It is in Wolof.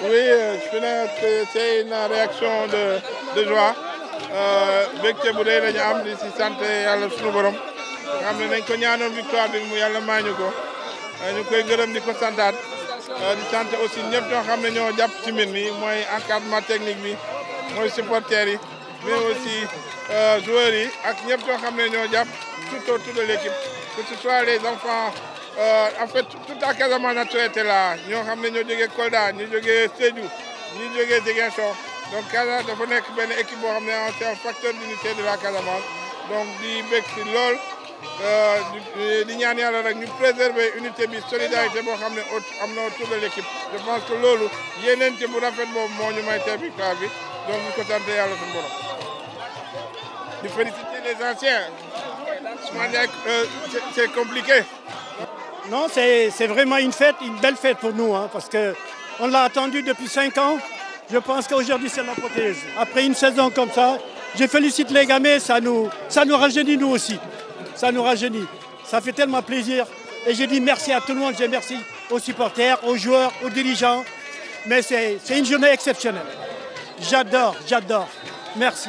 Oui, euh, je fais c'est une réaction de, de joie. Euh, mbégte bu rëy la am di si sant yàlla suñu borom nga xam ne nañ ko ñaanoon victoire bi mu yàlla maañu ko euh, ñu koy gërëm di ko santaat di sant aussi ñëpp ñoo xam ne ñoo jàpp ci mi mooy encadrement technique bi mooy supporters yi mais aussi joueurs yi ak ñëpp ñoo xam ne ñoo jàpp tout autour de l'équipe que ce soit les enfants Euh, en fait toute la Casamance naturelle était ñoo xam ne ñoo jógee Kolda ñu jógee Sédhiou ñu donc Casamance dafa nekk benn équipe boo xam ne c'est un facteur d'unité de di lool euh, di ñaan yàlla rek ñu préserver unité bi solidarité boo xam ne am na autour de l'équipe je pense que loolu yeneen ci bu ko sant yàlla di féliciter les anciens euh, c'est compliqué Non, c'est vraiment une fête, une belle fête pour nous, hein, parce qu'on l'a attendu depuis cinq ans. Je pense qu'aujourd'hui, c'est l'apothéose. Après une saison comme ça, je félicite les gamins, ça nous, ça rajeunit nous aussi. Ça nous rajeunit. Ça fait tellement plaisir. Et je dis merci à tout le monde, je merci aux supporters, aux joueurs, aux dirigeants. Mais c'est une journée exceptionnelle. J'adore, j'adore. Merci.